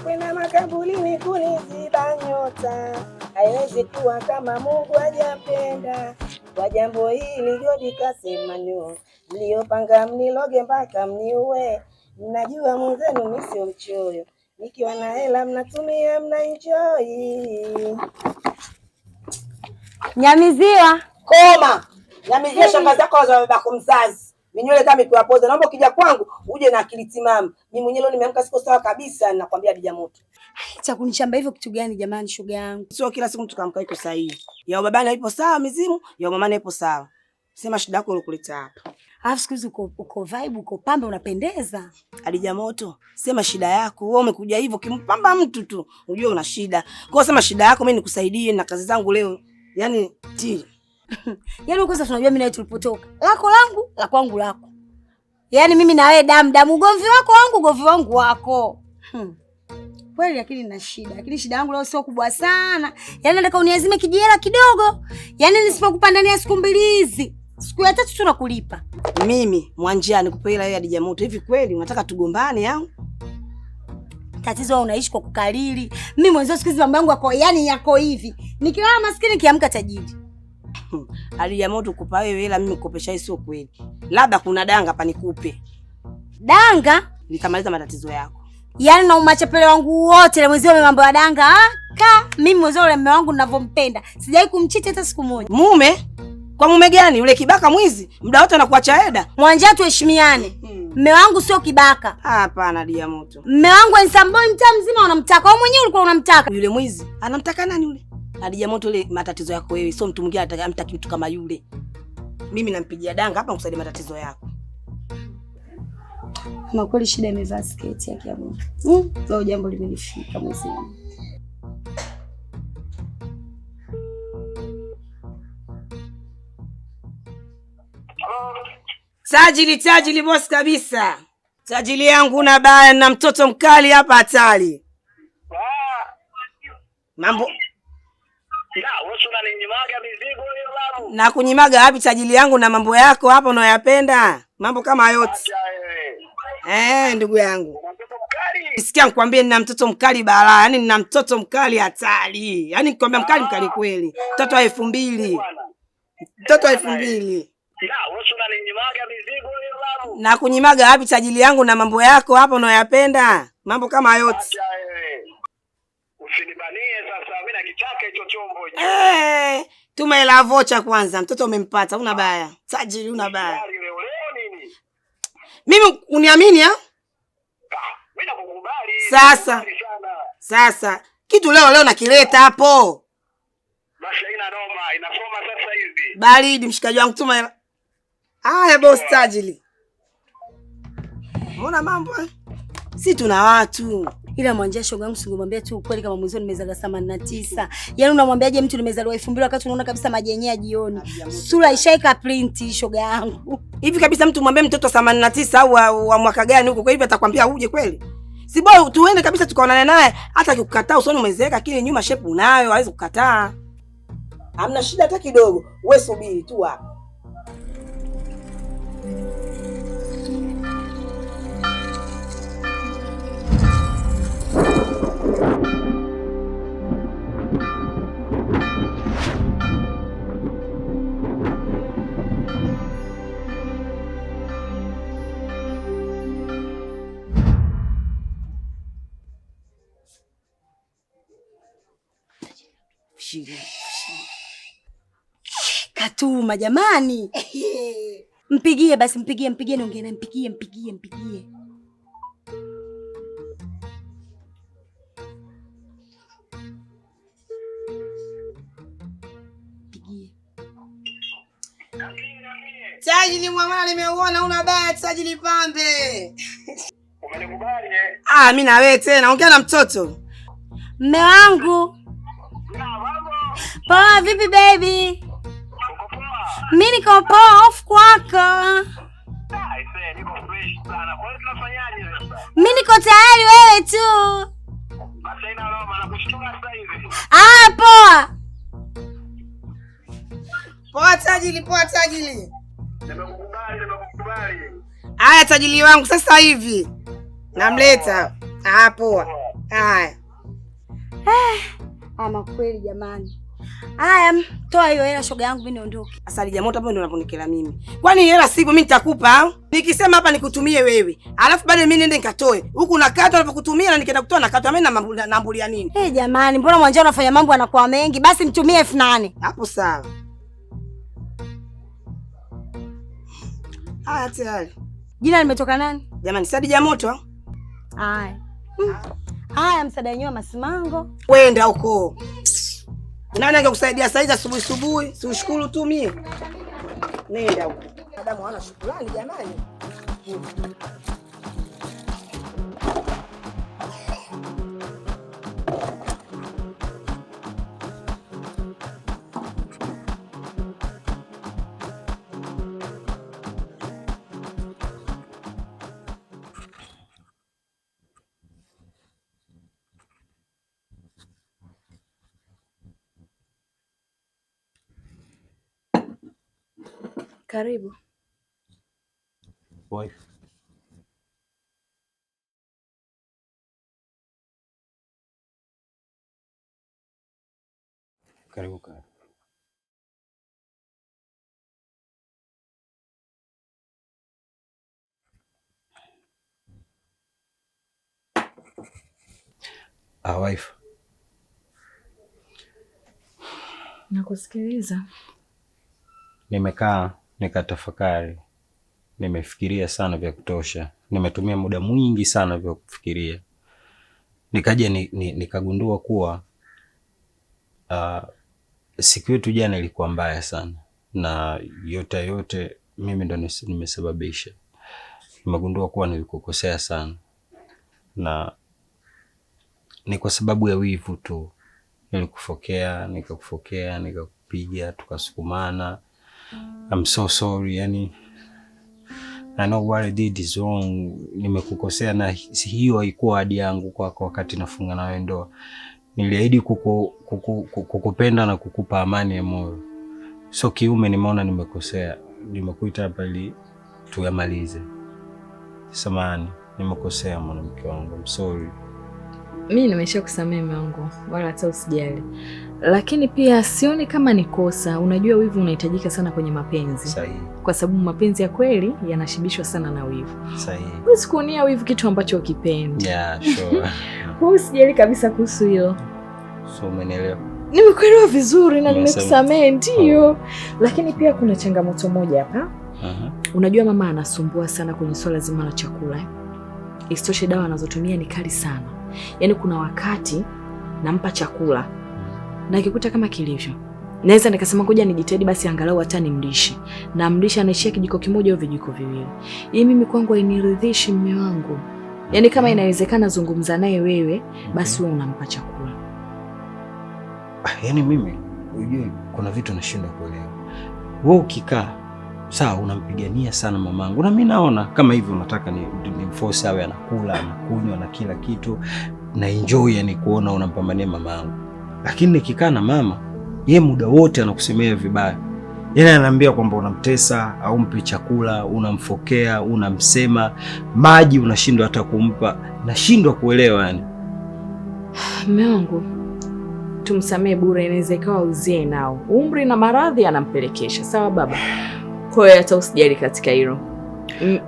kwenda makaburini kuniziba nyota, haiwezi kuwa kama Mungu hajapenda. Kwa jambo hili Godi kasema nyu, mliopanga mniloge mpaka mniue. Mnajua mwenzenu misio sio mchoyo, nikiwa na hela mnatumia mnaenjoy. Nyamiziwa koma, nyamizia shamba zako za babako mzazi mimi nywele kama ikiwapoza, naomba ukija kwangu uje na akili timamu. Mimi mwenyewe leo nimeamka siko sawa kabisa, nakwambia Dija Moto. Acha kunishamba hivyo kitu gani jamani, shoga yangu? Sio kila siku tukamka iko sahihi. Ya babani ipo sawa mizimu, ya mama ipo sawa. Sema shida yako ulikuleta hapa. Alafu siku hizi uko, uko vibe uko pamba unapendeza. Adija ah, Moto, sema shida yako. Wewe umekuja hivyo kimpamba mtu tu. Unajua una shida. Kwa sema shida yako, mimi nikusaidie na kazi zangu leo. Yaani ti Yaani kwanza tunajua mimi na wewe tulipotoka, lako langu la kwangu lako, yaani mimi na wewe damu damu, ugomvi wako wangu ugomvi wangu wako Hmm. kweli hmm. Lakini na shida, lakini shida yangu leo sio kubwa sana, yaani nataka uniazime kijela kidogo, yaani nisipokupa ndani ya siku mbili hizi, siku ya tatu tunakulipa mimi. Mwanjia nikupe hela ya dija moto. Hivi kweli unataka tugombane au tatizo wewe unaishi kwa kukalili. Mimi mwanzo siku hizi mambo yangu yako, yani yako hivi, nikilala maskini kiamka tajiri. aliamua kupa wewe hela, mimi kukopesha hii sio kweli. Labda kuna danga pa nikupe danga, Nitamaliza matatizo yako. Yaani na umachepele wangu wote na mwezio mambo ya danga aka ah, mimi mwezio yule mume wangu ninavompenda. Sijai kumchiti hata siku moja. Mume? Kwa mume gani? Yule kibaka mwizi? Muda wote anakuacha heda. Mwanja tuheshimiane. Hmm. Mume wangu sio kibaka. Hapana Dia Moto. Mume wangu ni samboi mtaa mzima wanamtaka. Wewe mwenyewe ulikuwa unamtaka. Yule mwizi. Anamtaka nani yule? Adijamoto, ile matatizo yako wewe, sio mtu mwingine amtaki mtu kama yule. Mimi nampigia danga hapa nikusaidie matatizo yako. Ama kweli shida imevaa sketi ya hapo. Mm, leo jambo limenifika mzee. Tajili, tajili boss kabisa. Tajili yangu na baya na mtoto mkali hapa hatari. Ah. Mambo na kunyimaga wapi tajili yangu na mambo yako hapo unayoyapenda mambo kama yote eh, ndugu yangu sikia, nikwambie, nina mtoto mkali balaa, yaani nina mtoto mkali hatari, yaani nikwambia, mkali mkali kweli, mtoto wa elfu mbili mtoto wa elfu mbili na kunyimaga wapi tajili yangu na mambo yako hapa unayoyapenda mambo kama yote chombo. Eh, tumela vocha kwanza, mtoto umempata, una ah, baya tajiri, una baya. Mimi uniamini ah? ah? Mimi nakukubali. Sasa sasa kitu leo leo nakileta hapo. Basi haina noma, inasoma sasa hivi. Baridi mshikaji wangu tuma hela. Haya ah, boss tajiri. Mbona mambo? Eh? Si tuna watu Ila Mwanja shoga yangu singomwambia tu ukweli kama mwenzio nimezaliwa tisa Yaani unamwambiaje mtu nimezaliwa mbili wakati unaona kabisa majenya jioni. Sura ishaika print shoga yangu. Hivi kabisa mtu mwambie mtoto tisa au wa, wa mwaka gani huko kwa hivyo atakwambia uje kweli? Si bora tuende kabisa tukaonane naye hata akikukataa usoni umezeeka lakini nyuma shape unayo hawezi kukataa. Hamna shida hata kidogo. Wewe subiri tu hapa. Shiri. Katuma jamani. Mpigie basi, mpigie, mpigie, niongee naye, mpigie, mpigie, mpigie. Tajili mwana nimeuona una baya tajili pambe. Umenikubali eh? Ah, mimi na wewe tena, ongea na mtoto. Mme wangu. Poa vipi baby? Mimi niko poa off kwako. Mimi niko tayari wewe tu. Ah, poa. Poa tajili, poa tajili. Haya tajili wangu sasa hivi namleta. Ah, poa. Haya. Ah, ama kweli jamani. Aya, toa hiyo hela shoga yangu, mimi niondoke. Asali ya moto hapo ndio unaponikela mimi. Kwani hela sipo mimi nitakupa au? Nikisema hapa nikutumie wewe. Alafu baadaye mimi niende nikatoe. Huku nakata unapokutumia na nikaenda kutoa nakata. Mimi na nambulia nini? Eh, hey, jamani, mbona mwanjao unafanya mambo yanakuwa mengi? Basi mtumie 8000. Hapo sawa. Aya tayari. Jina limetoka nani? Jamani, Sadi ya moto. Aya. Hmm. Aya, msada yenyewe masimango. Wenda huko. Nani angekusaidia saizi asubuhi subuhi? Si ushukuru tu mie. Nenda huko. Adamu hana shukrani jamani. Karibu. Boy. Karibu kaka. Ah, wife. Nakusikiliza. Nimekaa nikatafakari, nimefikiria sana vya kutosha, nimetumia muda mwingi sana vya kufikiria, nikaja ni, ni, nikagundua kuwa uh, siku yetu jana ilikuwa mbaya sana, na yote yote mimi ndo nimesababisha. Nimegundua kuwa nilikukosea sana, na ni kwa sababu ya wivu tu. Nilikufokea, nikakufokea, nikakupiga, tukasukumana I'm so sorry, yani I know what I did is wrong. Nimekukosea na hiyo haikuwa ahadi yangu kwako wakati nafunga wewe ndoa. Niliahidi kuku, kuku, kukupenda na kukupa amani ya moyo. So kiume, nimeona nimekosea, nimekuita hapa ili tuyamalize. Samahani, nimekosea mwanamke wangu, I'm sorry. Mimi nimesha kusamehe wangu, wala hata usijali lakini pia sioni kama ni kosa. Unajua, wivu unahitajika sana kwenye mapenzi sahihi, kwa sababu mapenzi ya kweli yanashibishwa sana na wivu. Sahihi, huwezi kuonia wivu kitu ambacho ukipendi. Yeah, sure. Huu sijali kabisa kuhusu hilo. So umenielewa? Nimekuelewa vizuri na nimekusamehe. Ndio, oh. lakini pia kuna changamoto moja hapa. uh -huh. Unajua, mama anasumbua sana kwenye swala zima la chakula. Isitoshe, dawa anazotumia ni kali sana, yaani kuna wakati nampa chakula na kikuta kama kilivyo, naweza nikasema kuja nijitahidi basi angalau hata nimlishe, na mlisha anaishia kijiko kimoja au vijiko viwili. Hii mimi kwangu hainiridhishi mume wangu. Yaani kama inawezekana, zungumza naye wewe, basi wewe unampa chakula. Ah, yaani mimi ujue kuna vitu nashindwa kuelewa. Wewe ukikaa sawa, unampigania sana mamangu, na mimi naona kama hivi unataka ni, ni mforce awe anakula anakunywa na kila kitu na enjoy, yani kuona unampambania mamangu lakini nikikaa na mama, yeye muda wote anakusemea vibaya, yani anaambia kwamba unamtesa, mpe chakula, unamfokea, unamsema, maji unashindwa hata kumpa. Nashindwa kuelewa yani. Mume wangu tumsamee bure, inaweza ikawa uzie nao umri na maradhi anampelekesha. Sawa baba, kwa hiyo hata usijali katika hilo. Mm.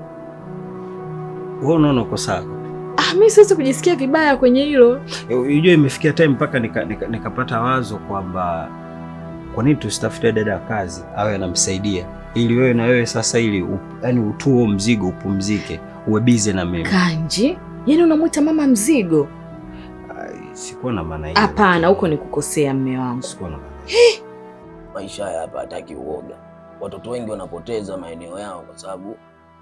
Wewe unaona uko sawa Ah, mimi siwezi kujisikia vibaya kwenye hilo. Eh, unajua imefikia time mpaka nikapata nika, nika wazo kwamba kwa nini tusitafute dada kazi awe anamsaidia ili wewe na wewe sasa ili yaani utuo mzigo upumzike uwe bize na mimi. Kanji, yaani unamwita mama mzigo? Sikuwa na maana hiyo. Hapana, huko ni kukosea mme wangu. Sikuwa na maana hiyo. Maisha haya hapa hataki uoga. Watoto wengi wanapoteza maeneo yao kwa sababu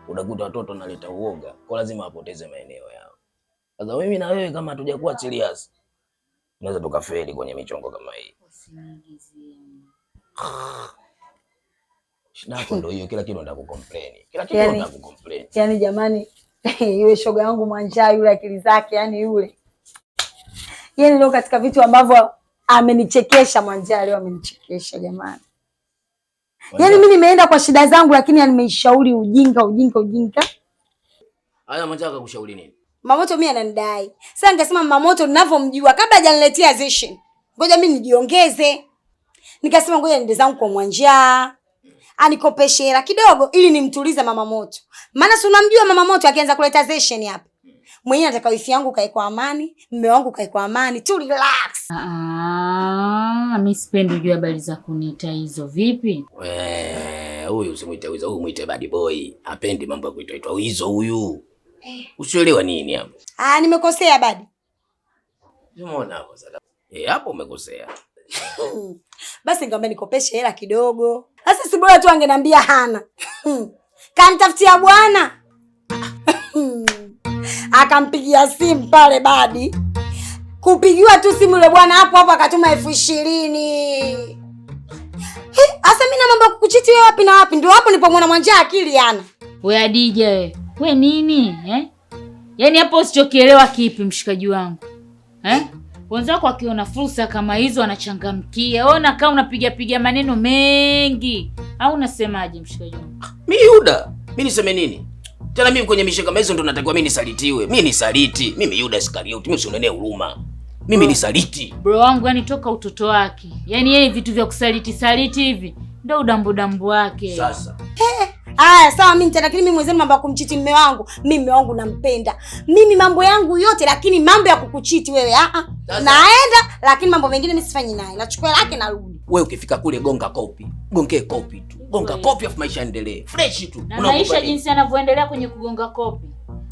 unakuta watoto wanaleta uoga, kwa lazima wapoteze maeneo yao. Sasa mimi na wewe kama hatujakuwa serious, tunaweza tukafeli kwenye michongo kama hii. Shida yako ndio hiyo, kila kitu nataka kucomplain, kila kitu nataka kucomplain. Yaani jamani, yule shoga yangu Mwanjaa yule akili zake, yani yule Yaani leo katika vitu ambavyo amenichekesha mwanja leo amenichekesha jamani. Yaani mimi nimeenda kwa shida zangu, lakini nimeishauri ujinga ujinga ujinga. Haya Mwanjaa akakushauri nini? Mamoto mimi ananidai. Sasa nikasema Mamoto ninavyomjua kabla hajaniletea zishi. Ngoja mimi nijiongeze. Nikasema ngoja niende zangu kwa Mwanja. Anikopeshe hela kidogo ili nimtulize mama moto. Maana si unamjua mama moto akianza kuleta zesheni hapa. Mwenye nataka wifi yangu kae kwa amani, mume wangu kae kwa amani, tu relax. Ah, mimi sipendi ujue habari za kuniita hizo vipi? Wewe, huyu usimuite hizo, huyu muite bad boy. Apendi mambo ya kuitwa hizo huyu. Usielewa nini hapo? Ah, nimekosea badi. Umeona hapo sasa. Eh, hapo umekosea. Hmm. Basi ngombe nikopeshe hela kidogo. Sasa si bora tu angeniambia hana. Hmm. Kanitafutia bwana. Hmm. Akampigia simu pale badi. Kupigiwa tu simu yule bwana hapo hapo akatuma elfu ishirini. Sasa mimi na mambo kukuchiti wewe wapi na wapi? Ndio hapo nilipomwona mwanja akili yana. Wewe Adija wewe we nini eh? Yaani hapo usichokielewa kipi, mshikaji wangu eh? Wenzako wakiona fursa kama hizo wanachangamkia. Ona kama piga maneno mengi, au unasemaje mshikaji wangu? Ah, mi Yuda, mi niseme nini tena? Mimi kwenye mishe kama hizo ndo natakiwa mi nisalitiwe? Mi nisaliti mimi? Yuda Iskarioti, mi usionene huruma mimi ni saliti bro wangu, yani toka utoto wake, yani yeye vitu vya kusaliti saliti hivi ndo udambudambu wake sasa. Eh, Aya, sawa mimi nita, lakini mimi mwenzenu mambo ya kumchiti mume wangu, mimi mume wangu nampenda. Mimi mambo yangu yote lakini mambo ya kukuchiti wewe ah, ah. a a. Naenda lakini mambo mengine mimi sifanyi naye. Nachukua lake rudi. Wewe ukifika kule gonga kopi. Gongee kopi tu. Gonga kopi afu maisha endelee. Fresh tu. Na maisha jinsi yanavyoendelea kwenye kugonga kopi.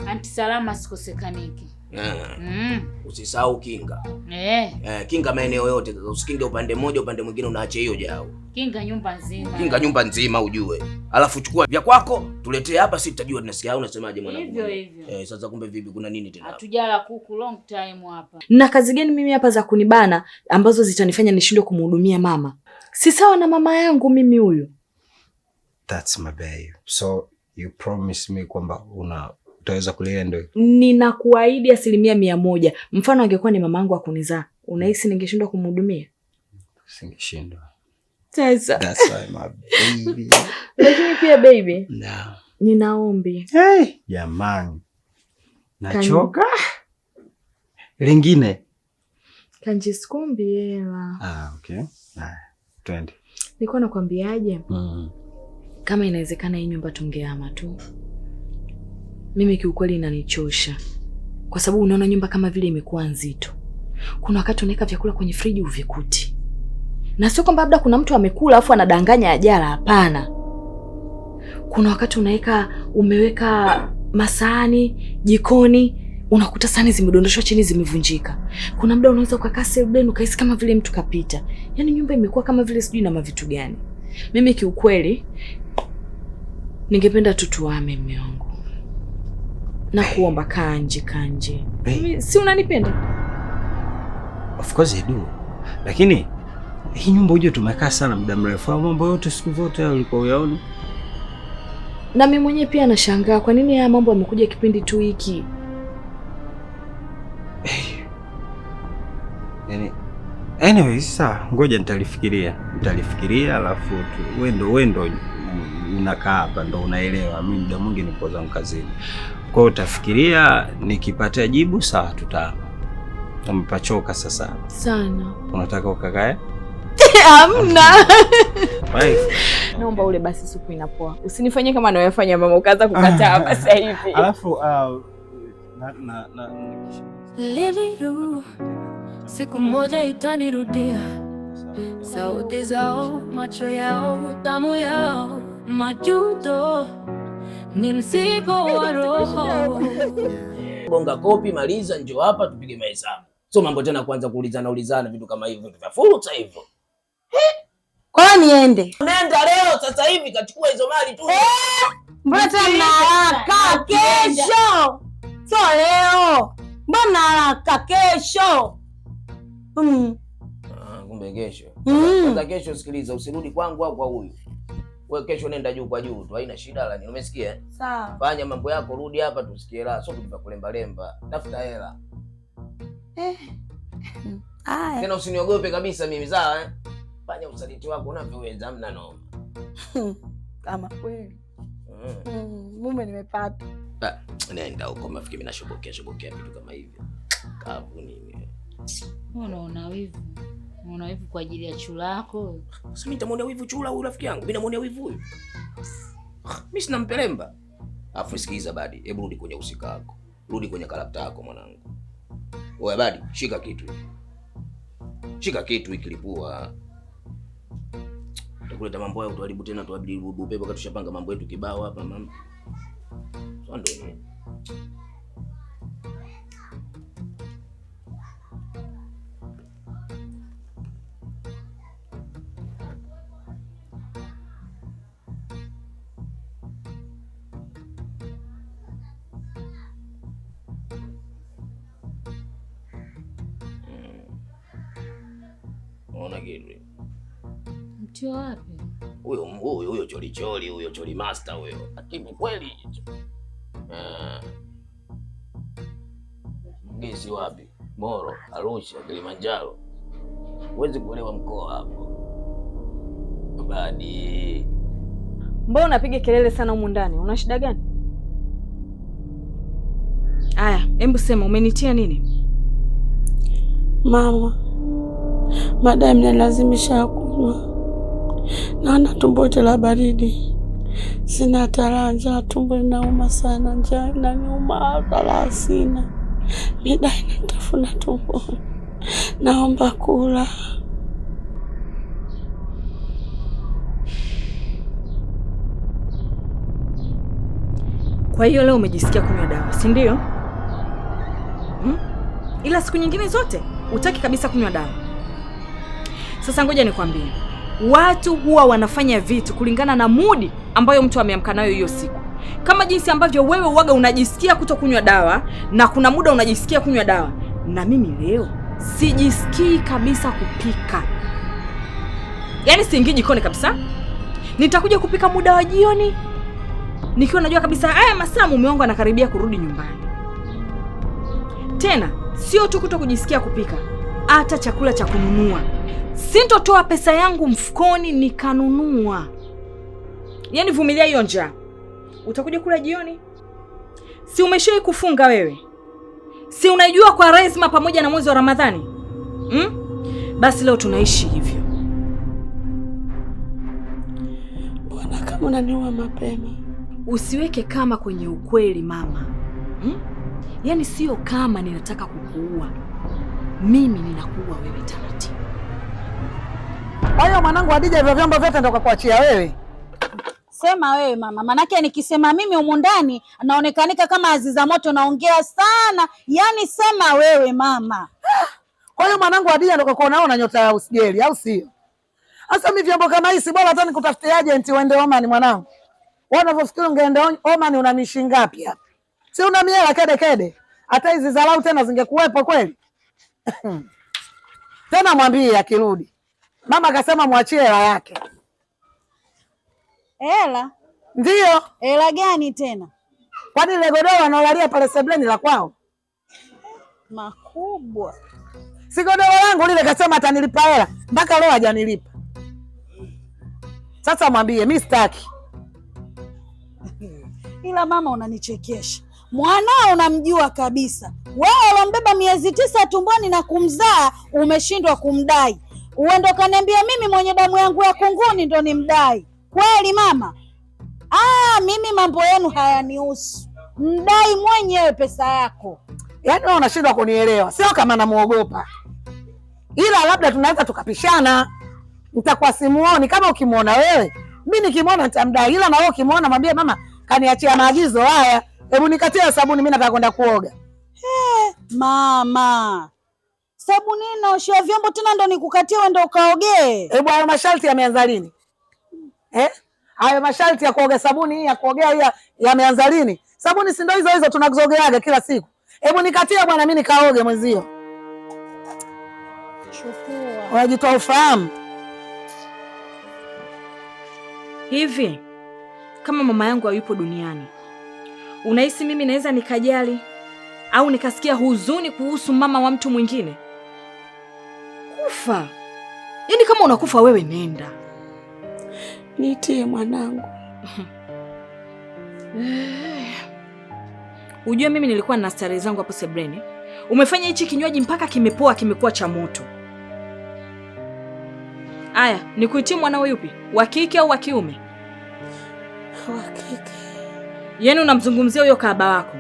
Anti salama sikosekaniki. Mm. Usisahau kinga eh. Eh, kinga maeneo yote. Usikinge upande mmoja upande mwingine, unaacha hiyo jao. Kinga nyumba nzima, kinga nyumba nzima ujue. Alafu chukua vya kwako tuletee hapa, si tutajua tunasikia au unasemaje mwanangu? Hivyo hivyo. Eh, sasa kumbe vipi, kuna nini tena? Hatujala kuku long time hapa. Na kazi gani mimi hapa za kunibana ambazo zitanifanya nishindwe kumhudumia mama? Si sawa na mama yangu mimi huyu. That's my babe. So you promise me kwamba una utaweza kulea ndoa? Ninakuahidi asilimia mia moja. Mfano angekuwa ni mamangu akunizaa, unahisi mm. ningeshindwa kumhudumia? Singeshindwa. Sasa that's why my baby. Lakini pia baby, nah, ninaombi jamani, nachoka ah! lingine hela. Ah, okay. twende. Nilikuwa nakwambiaje? mm Kama inawezekana hii nyumba tungeama tu mimi kiukweli inanichosha, kwa sababu unaona nyumba kama vile imekuwa nzito. Kuna wakati unaweka vyakula kwenye friji uvikuti, na sio kwamba labda kuna mtu amekula afu anadanganya ajala, hapana. Kuna wakati unaweka umeweka masahani jikoni unakuta sahani zimedondoshwa chini zimevunjika. Kuna muda unaweza ukakaa sebuleni ukahisi kama vile mtu kapita, yaani nyumba imekuwa kama vile sijui na mavitu gani. Mimi kiukweli ningependa tutuame, tuame, mume wangu na kuomba kanje kanje. Hey. Si unanipenda? Of course I do. Lakini hii nyumba uje tumekaa sana muda mrefu, au mambo yote siku zote ulikuwa uyaona. Na mimi mwenyewe pia nashangaa kwa nini haya mambo yamekuja kipindi tu hiki. Yaani, anyway, sasa ngoja nitalifikiria, nitalifikiria alafu wewe ndo wewe ndo unakaa hapa ndo unaelewa. Mimi muda mwingi nipo zangu kazini. Kwa hiyo utafikiria, nikipata jibu sawa, tuta umepachoka sasa sana, unataka ukakae? amna Naomba ule basi supu inapoa. Usinifanyie kama anayofanya mama ukaanza kukataa hapa sasa hivi. Alafu uh, na na na Lililu, siku moja itanirudia, sauti zao, macho yao, damu yao, majuto ni msiba wa roho. Bonga kopi, maliza, njoo hapa tupige mahesabu. Sio mambo tena kuanza kuulizana ulizana vitu kama hivyo, vitu vya fursa hivyo. Kwa niende, nenda leo sasa hivi kachukua hizo mali tu. Mbona tena mnaharaka? Kesho sio leo, mbona mnaharaka? Kesho mm. ah, kumbe, kesho sasa. Mm. Kesho sikiliza, usirudi kwangu au kwa huyu wewe kesho nenda juu kwa juu tu, haina shida la nini, umesikia? Eh? Sawa, fanya mambo yako, rudi hapa tusikie raha, sio kujipa kulemba lemba, tafuta hela eh. Aya, tena usiniogope kabisa mimi, sawa eh? Fanya usaliti wako unavyoweza, mna noma kama kweli Mm. mm mume nimepata. Ah, nenda huko mafikiri nashobokea shobokea vitu kama hivyo, kavu nini, unaona wivu Unaona wivu kwa ajili ya chula yako? Sasa mimi nitamwonea wivu chula huyu rafiki yangu? Mimi namwonea wivu huyu? Mimi sina mpelemba. Alafu sikiliza Badi, hebu rudi kwenye usika wako. Rudi kwenye karakta yako mwanangu. Oya Badi, shika kitu hiki. Shika kitu hiki kilipua. Utakuleta mambo hayo utaharibu tena tuabidi upepo katushapanga mambo yetu kibao hapa mama. Sasa ndio. Unaona mm. gili mtio wapi huyo? Huyo cholicholi huyo, choli master huyo, lakini kweli eh, mgezi wapi? Moro, Arusha, Kilimanjaro, huwezi kuelewa mkoa hapo. Badi, mbona unapiga kelele sana humu ndani? Una shida gani? Aya, hebu sema umenitia nini mama? baadaye mnanilazimisha kunywa, naona tumbo lote la baridi, sina taranja, tumbo linauma sana, njaa inaniuma, wala sina mida inatafuna tumbo, naomba kula. Kwa hiyo leo umejisikia kunywa dawa, si ndio? Hmm? Ila siku nyingine zote utaki kabisa kunywa dawa. Sasa ngoja nikwambie, watu huwa wanafanya vitu kulingana na mudi ambayo mtu ameamka nayo hiyo siku, kama jinsi ambavyo wewe uwaga unajisikia kuto kunywa dawa na kuna muda unajisikia kunywa dawa, na mimi leo sijisikii kabisa kupika, yaani siingii jikoni kabisa. Nitakuja kupika muda wa jioni nikiwa najua kabisa haya masaa mume wangu anakaribia kurudi nyumbani. Tena sio tu kuto kujisikia kupika, hata chakula cha kununua Sintotoa pesa yangu mfukoni nikanunua. Yaani vumilia hiyo njaa, utakuja kula jioni. Si umeshai kufunga wewe? Si unaijua kwa rezma pamoja na mwezi wa Ramadhani hmm? Basi leo tunaishi hivyo bwana, kama unaniua mapema. Usiweke kama kwenye ukweli mama hmm? Yaani sio kama ninataka kukuua mimi, ninakuua wewe taratibu. Kwa hiyo mwanangu Adija, hivyo vyombo vyote ndo kakuachia wewe. Sema wewe mama, manake nikisema mimi humu ndani naonekanika kama Aziza Moto, naongea sana. Yaani sema wewe mama. Kwa hiyo mwanangu Adija ndo kakuwa unaona nyota ya usijeli, au sio? Sasa mi vyombo kama hizi bora hata nikutafutie agent uende Oman mwanangu. Wewe unavyofikiri ungeenda Oman una mishi ngapi hapa? Si una miela kede kede. Hata hizi dharau tena zingekuwepo kweli? Tena mwambie akirudi. Mama akasema mwachie hela yake. Hela ndio hela gani tena? Kwani ile godoro analalia pale sebleni la kwao makubwa, si godoro langu lile. Kasema atanilipa hela, mpaka leo hajanilipa. Sasa mwambie mi sitaki. Ila mama, unanichekesha. Mwanao unamjua kabisa wewe, ulombeba miezi tisa tumboni na kumzaa, umeshindwa kumdai uende ukaniambia mimi mwenye damu yangu ya kunguni ndo ni mdai kweli mama? Aa, ah, mimi mambo yenu hayanihusu, mdai mwenyewe pesa yako. Yaani wewe unashindwa kunielewa, sio kama namuogopa, ila labda tunaweza tukapishana. Nitakuwa simuoni kama ukimwona wewe, mi nikimwona nitamdai, ila na wewe ukimwona mwambie mama kaniachia maagizo haya, hebu nikatia sabuni, mi nataka kwenda kuoga. He, mama sabuni naoshia vyombo tena ndo nikukatie wende ukaogee? Hebu eh, hayo masharti yameanza lini eh? Hayo masharti ya kuoga sabuni ya kuogea ya yameanza lini? Sabuni si ndio hizo hizo tunazogeaga kila siku. Hebu nikatia bwana, mimi nikaoge mwenzio. Chukua. Unajitoa ufahamu hivi. Kama mama yangu hayupo duniani, unahisi mimi naweza nikajali au nikasikia huzuni kuhusu mama wa mtu mwingine? unakufa. Yaani kama unakufa wewe, nenda. Nitie mwanangu. Ujue mimi nilikuwa na starehe zangu hapo sebreni. Umefanya hichi kinywaji mpaka kimepoa, kimekuwa cha moto. Aya, nikuitie mwanao yupi, wa kike au wa kiume? Wa kike. Yaani unamzungumzia huyo kaaba wako?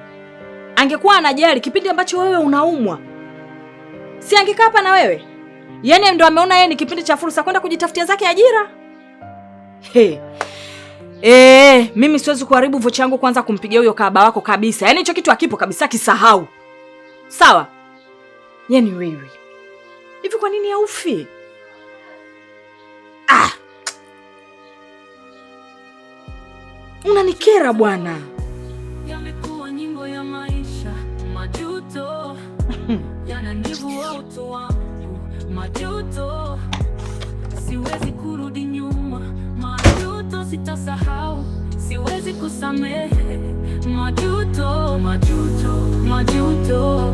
Angekuwa anajali kipindi ambacho wewe unaumwa, si angekaa hapa na wewe? Yaani ndo ameona yeye ni kipindi cha fursa kwenda kujitafutia zake ajira. Hey. Eh, mimi siwezi kuharibu vocha yangu kwanza kumpigia huyo kaba wako kabisa. Yaani hicho kitu hakipo kabisa, kisahau. Sawa? Yaani wewe. Hivi kwa nini haufi? Ah. Unanikera bwana. Yamekuwa nyimbo ya maisha, majuto. Yananivu watu wangu. Majuto, siwezi kurudi nyuma. Majuto, sitasahau, siwezi kusamehe. Majuto, majuto, majuto